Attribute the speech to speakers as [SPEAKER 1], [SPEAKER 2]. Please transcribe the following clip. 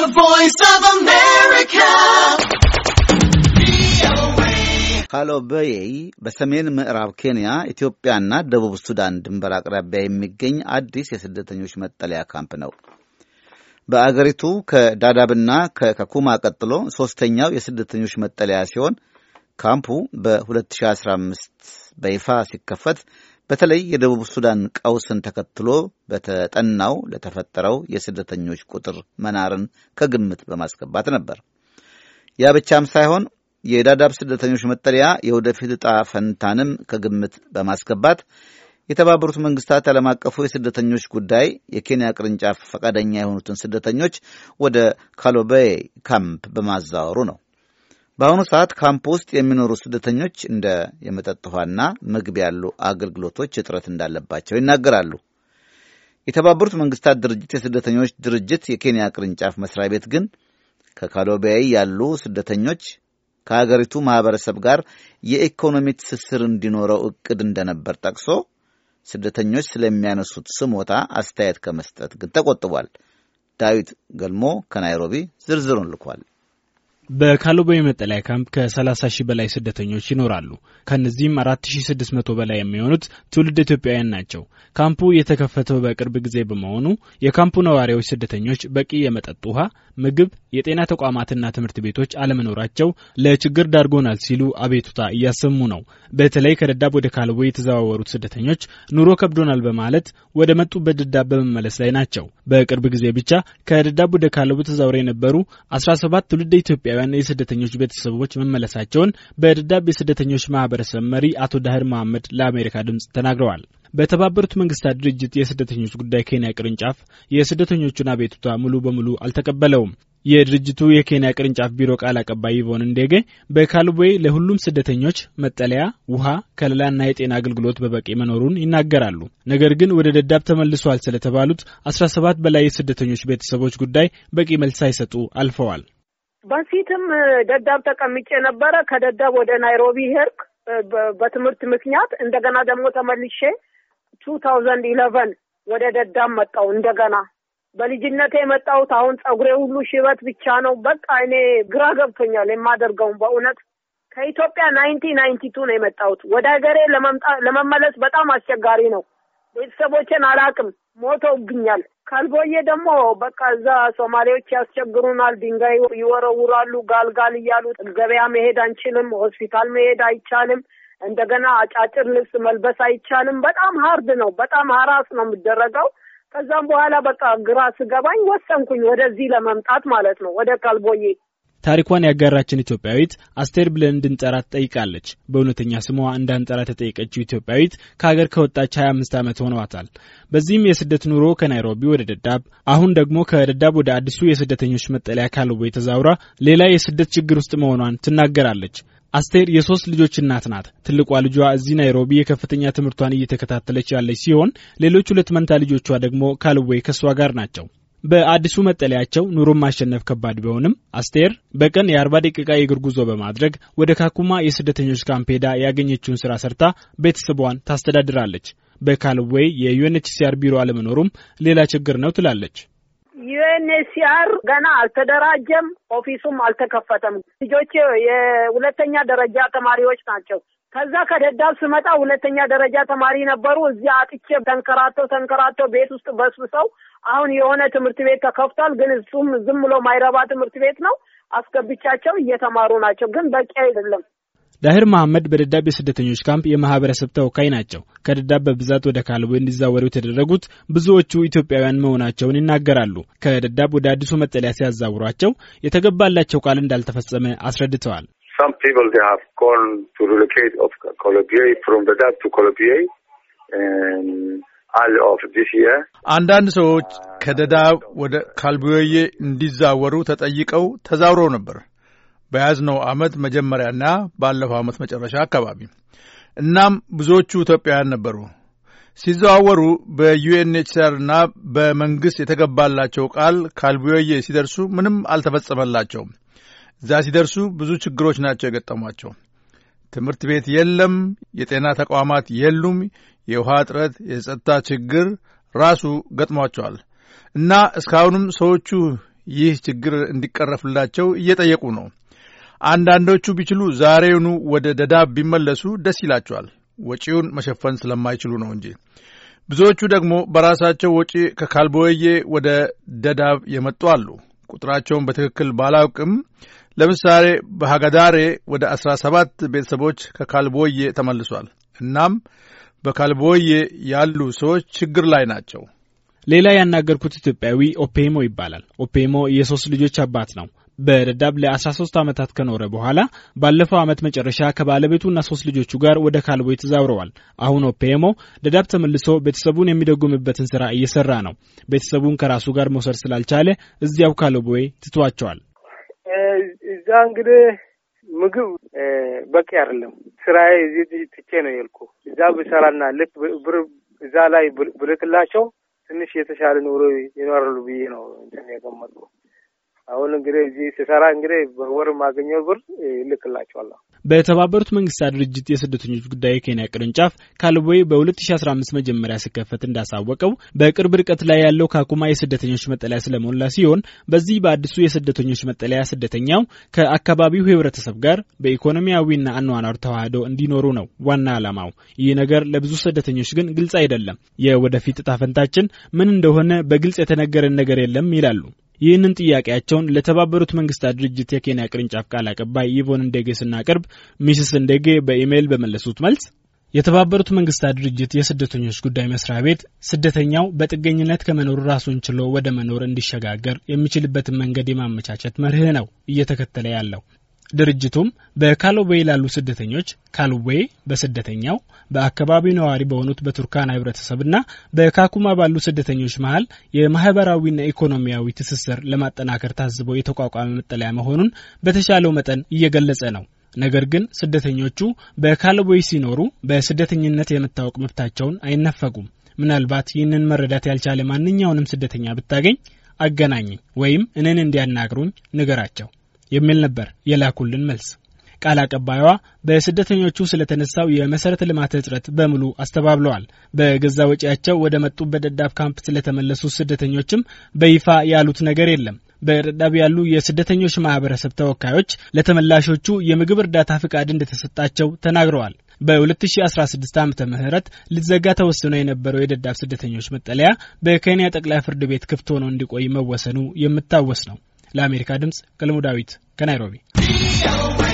[SPEAKER 1] The Voice of America.
[SPEAKER 2] ሃሎ በይ በሰሜን ምዕራብ ኬንያ ኢትዮጵያና ደቡብ ሱዳን ድንበር አቅራቢያ የሚገኝ አዲስ የስደተኞች መጠለያ ካምፕ ነው። በአገሪቱ ከዳዳብና ከኩማ ቀጥሎ ሦስተኛው የስደተኞች መጠለያ ሲሆን ካምፑ በ2015 በይፋ ሲከፈት በተለይ የደቡብ ሱዳን ቀውስን ተከትሎ በተጠናው ለተፈጠረው የስደተኞች ቁጥር መናርን ከግምት በማስገባት ነበር። ያ ብቻም ሳይሆን የዳዳብ ስደተኞች መጠለያ የወደፊት ዕጣ ፈንታንም ከግምት በማስገባት የተባበሩት መንግስታት ዓለም አቀፉ የስደተኞች ጉዳይ የኬንያ ቅርንጫፍ ፈቃደኛ የሆኑትን ስደተኞች ወደ ካሎቤ ካምፕ በማዛወሩ ነው። በአሁኑ ሰዓት ካምፕ ውስጥ የሚኖሩ ስደተኞች እንደ የመጠጥ ውሃና ምግብ ያሉ አገልግሎቶች እጥረት እንዳለባቸው ይናገራሉ። የተባበሩት መንግስታት ድርጅት የስደተኞች ድርጅት የኬንያ ቅርንጫፍ መስሪያ ቤት ግን ከካሎቢያይ ያሉ ስደተኞች ከሀገሪቱ ማህበረሰብ ጋር የኢኮኖሚ ትስስር እንዲኖረው እቅድ እንደነበር ጠቅሶ ስደተኞች ስለሚያነሱት ስሞታ አስተያየት ከመስጠት ግን ተቆጥቧል። ዳዊት ገልሞ ከናይሮቢ ዝርዝሩን ልኳል።
[SPEAKER 3] በካሎቦይ መጠለያ ካምፕ ከ30 ሺህ በላይ ስደተኞች ይኖራሉ። ከእነዚህም 4600 በላይ የሚሆኑት ትውልድ ኢትዮጵያውያን ናቸው። ካምፑ የተከፈተው በቅርብ ጊዜ በመሆኑ የካምፑ ነዋሪዎች ስደተኞች በቂ የመጠጥ ውሃ፣ ምግብ፣ የጤና ተቋማትና ትምህርት ቤቶች አለመኖራቸው ለችግር ዳርጎናል ሲሉ አቤቱታ እያሰሙ ነው። በተለይ ከደዳብ ወደ ካልቦ የተዘዋወሩት ስደተኞች ኑሮ ከብዶናል በማለት ወደ መጡበት ደዳብ በመመለስ ላይ ናቸው። በቅርብ ጊዜ ብቻ ከደዳብ ወደ ካልቦ ተዛውረው የነበሩ 17 ትውልድ ኢትዮጵያ ኢትዮጵያውያን የስደተኞች ቤተሰቦች መመለሳቸውን በደዳብ የስደተኞች ማህበረሰብ መሪ አቶ ዳህር መሐመድ ለአሜሪካ ድምፅ ተናግረዋል። በተባበሩት መንግስታት ድርጅት የስደተኞች ጉዳይ ኬንያ ቅርንጫፍ የስደተኞቹን አቤቱታ ሙሉ በሙሉ አልተቀበለውም። የድርጅቱ የኬንያ ቅርንጫፍ ቢሮ ቃል አቀባይ ይቮን እንዴጌ በካልዌ ለሁሉም ስደተኞች መጠለያ፣ ውሃ፣ ከለላና የጤና አገልግሎት በበቂ መኖሩን ይናገራሉ። ነገር ግን ወደ ደዳብ ተመልሷል ስለተባሉት 17 በላይ የስደተኞች ቤተሰቦች ጉዳይ በቂ መልስ ሳይሰጡ አልፈዋል።
[SPEAKER 1] በፊትም ደዳብ ተቀምጬ ነበረ። ከደዳብ ወደ ናይሮቢ ሄድኩ በትምህርት ምክንያት። እንደገና ደግሞ ተመልሼ ቱ ታውዘንድ ኢለቨን ወደ ደዳብ መጣሁ እንደገና። በልጅነቴ የመጣሁት አሁን ጸጉሬ ሁሉ ሽበት ብቻ ነው። በቃ እኔ ግራ ገብቶኛል የማደርገውን በእውነት ከኢትዮጵያ ናይንቲ ናይንቲ ቱ ነው የመጣሁት። ወደ ሀገሬ ለመመለስ በጣም አስቸጋሪ ነው። ቤተሰቦቼን አላቅም፣ ሞተውብኛል። ካልቦዬ ደግሞ በቃ እዛ ሶማሌዎች ያስቸግሩናል፣ ድንጋይ ይወረውራሉ ጋልጋል እያሉ ገበያ መሄድ አንችልም፣ ሆስፒታል መሄድ አይቻልም፣ እንደገና አጫጭር ልብስ መልበስ አይቻልም። በጣም ሀርድ ነው፣ በጣም ሀራስ ነው የሚደረገው። ከዛም በኋላ በቃ ግራ ስገባኝ ወሰንኩኝ ወደዚህ ለመምጣት ማለት ነው ወደ ካልቦዬ
[SPEAKER 3] ታሪኳን ያጋራችን ኢትዮጵያዊት አስቴር ብለን እንድንጠራት ጠይቃለች። በእውነተኛ ስሟ እንዳንጠራ የጠየቀችው ኢትዮጵያዊት ከሀገር ከወጣች 25 ዓመት ሆነዋታል። በዚህም የስደት ኑሮ ከናይሮቢ ወደ ደዳብ፣ አሁን ደግሞ ከደዳብ ወደ አዲሱ የስደተኞች መጠለያ ካልቦ ተዛውራ ሌላ የስደት ችግር ውስጥ መሆኗን ትናገራለች። አስቴር የሶስት ልጆች እናት ናት። ትልቋ ልጇ እዚህ ናይሮቢ የከፍተኛ ትምህርቷን እየተከታተለች ያለች ሲሆን ሌሎች ሁለት መንታ ልጆቿ ደግሞ ካልዌ ከእሷ ጋር ናቸው። በአዲሱ መጠለያቸው ኑሮን ማሸነፍ ከባድ ቢሆንም አስቴር በቀን የአርባ ደቂቃ የእግር ጉዞ በማድረግ ወደ ካኩማ የስደተኞች ካምፕ ሄዳ ያገኘችውን ስራ ሰርታ ቤተሰቧን ታስተዳድራለች። በካልዌይ የዩኤንኤችሲአር ቢሮ አለመኖሩም ሌላ ችግር ነው ትላለች።
[SPEAKER 1] ዩኤንኤችሲአር ገና አልተደራጀም፣ ኦፊሱም አልተከፈተም። ልጆቼ የሁለተኛ ደረጃ ተማሪዎች ናቸው። ከዛ ከደዳብ ስመጣ ሁለተኛ ደረጃ ተማሪ ነበሩ። እዚያ አጥቼ ተንከራተው ተንከራተው ቤት ውስጥ በስብሰው አሁን የሆነ ትምህርት ቤት ተከፍቷል፣ ግን እሱም ዝም ብሎ ማይረባ ትምህርት ቤት ነው። አስገብቻቸው እየተማሩ ናቸው፣ ግን በቂ አይደለም።
[SPEAKER 3] ዳህር መሐመድ በደዳብ የስደተኞች ካምፕ የማህበረሰብ ተወካይ ናቸው። ከደዳብ በብዛት ወደ ካልቦ እንዲዛወሩ የተደረጉት ብዙዎቹ ኢትዮጵያውያን መሆናቸውን ይናገራሉ። ከደዳብ ወደ አዲሱ መጠለያ ሲያዛውሯቸው የተገባላቸው ቃል እንዳልተፈጸመ አስረድተዋል።
[SPEAKER 1] some people they have gone to relocate of Colombia from Baghdad to Colombia and
[SPEAKER 4] አንዳንድ ሰዎች ከደዳ ወደ ካልቢዮዬ እንዲዛወሩ ተጠይቀው ተዛውረው ነበር በያዝነው ዓመት መጀመሪያና ባለፈው ዓመት መጨረሻ አካባቢ። እናም ብዙዎቹ ኢትዮጵያውያን ነበሩ። ሲዘዋወሩ በዩኤንኤችሲአርና በመንግሥት የተገባላቸው ቃል ካልቢዮዬ ሲደርሱ ምንም አልተፈጸመላቸውም። እዛ ሲደርሱ ብዙ ችግሮች ናቸው የገጠሟቸው። ትምህርት ቤት የለም፣ የጤና ተቋማት የሉም፣ የውሃ እጥረት፣ የጸጥታ ችግር ራሱ ገጥሟቸዋል እና እስካሁንም ሰዎቹ ይህ ችግር እንዲቀረፍላቸው እየጠየቁ ነው። አንዳንዶቹ ቢችሉ ዛሬውኑ ወደ ደዳብ ቢመለሱ ደስ ይላቸዋል፣ ወጪውን መሸፈን ስለማይችሉ ነው እንጂ። ብዙዎቹ ደግሞ በራሳቸው ወጪ ከካልቦዬ ወደ ደዳብ የመጡ አሉ። ቁጥራቸውን በትክክል ባላውቅም ለምሳሌ በሀገዳሬ ወደ 17 ቤተሰቦች ከካልቦዬ ተመልሷል። እናም በካልቦዬ ያሉ ሰዎች ችግር ላይ ናቸው። ሌላ ያናገርኩት ኢትዮጵያዊ ኦፔሞ ይባላል። ኦፔሞ የሶስት ልጆች
[SPEAKER 3] አባት ነው። በደዳብ ለ13 ዓመታት ከኖረ በኋላ ባለፈው ዓመት መጨረሻ ከባለቤቱና ሶስት ልጆቹ ጋር ወደ ካልቦይ ተዛውረዋል። አሁን ኦፔሞ ደዳብ ተመልሶ ቤተሰቡን የሚደጉምበትን ስራ እየሰራ ነው። ቤተሰቡን ከራሱ ጋር መውሰድ ስላልቻለ እዚያው ካልቦይ ትቷቸዋል።
[SPEAKER 4] እዛ እንግዲህ ምግብ በቂ አይደለም። ስራዬ እዚህ ትቼ ነው የልኩ እዛ ብሰራና ልክ ብር እዛ ላይ ብልክላቸው ትንሽ የተሻለ ኑሮ ይኖራሉ ብዬ ነው እንትን የገመጥኩ። አሁን እንግዲህ እዚህ ስሰራ እንግዲህ በወር የማገኘው ብር ይልክላቸዋለሁ።
[SPEAKER 3] በተባበሩት መንግስታት ድርጅት የስደተኞች ጉዳይ የኬንያ ቅርንጫፍ ካልቦይ በ2015 መጀመሪያ ሲከፈት እንዳሳወቀው በቅርብ ርቀት ላይ ያለው ካኩማ የስደተኞች መጠለያ ስለሞላ ሲሆን በዚህ በአዲሱ የስደተኞች መጠለያ ስደተኛው ከአካባቢው ህብረተሰብ ጋር በኢኮኖሚያዊና አኗኗር ተዋህዶ እንዲኖሩ ነው ዋና ዓላማው። ይህ ነገር ለብዙ ስደተኞች ግን ግልጽ አይደለም። የወደፊት እጣ ፈንታችን ምን እንደሆነ በግልጽ የተነገረን ነገር የለም ይላሉ። ይህንን ጥያቄያቸውን ለተባበሩት መንግስታት ድርጅት የኬንያ ቅርንጫፍ ቃል አቀባይ ይቮን እንደጌ ስናቀርብ ሚስስ እንደጌ በኢሜይል በመለሱት መልስ የተባበሩት መንግስታት ድርጅት የስደተኞች ጉዳይ መስሪያ ቤት ስደተኛው በጥገኝነት ከመኖሩ ራሱን ችሎ ወደ መኖር እንዲሸጋገር የሚችልበትን መንገድ የማመቻቸት መርህ ነው እየተከተለ ያለው። ድርጅቱም በካሎዌይ ላሉ ስደተኞች ካሎዌይ በስደተኛው በአካባቢው ነዋሪ በሆኑት በቱርካና ህብረተሰብና በካኩማ ባሉ ስደተኞች መሀል የማህበራዊና ኢኮኖሚያዊ ትስስር ለማጠናከር ታስቦ የተቋቋመ መጠለያ መሆኑን በተሻለው መጠን እየገለጸ ነው። ነገር ግን ስደተኞቹ በካሎዌይ ሲኖሩ በስደተኝነት የመታወቅ መብታቸውን አይነፈጉም። ምናልባት ይህንን መረዳት ያልቻለ ማንኛውንም ስደተኛ ብታገኝ አገናኘኝ ወይም እኔን እንዲያናግሩኝ ንገራቸው። የሚል ነበር የላኩልን መልስ። ቃል አቀባይዋ በስደተኞቹ ስለተነሳው የመሰረተ ልማት እጥረት በሙሉ አስተባብለዋል። በገዛ ወጪያቸው ወደ መጡበት ደዳብ ካምፕ ስለተመለሱ ስደተኞችም በይፋ ያሉት ነገር የለም። በደዳብ ያሉ የስደተኞች ማህበረሰብ ተወካዮች ለተመላሾቹ የምግብ እርዳታ ፍቃድ እንደተሰጣቸው ተናግረዋል። በ2016 ዓ ም ሊዘጋ ተወስኖ የነበረው የደዳብ ስደተኞች መጠለያ በኬንያ ጠቅላይ ፍርድ ቤት ክፍት ሆኖ እንዲቆይ መወሰኑ የሚታወስ ነው። ለአሜሪካ ድምፅ ገልሙ ዳዊት ከናይሮቢ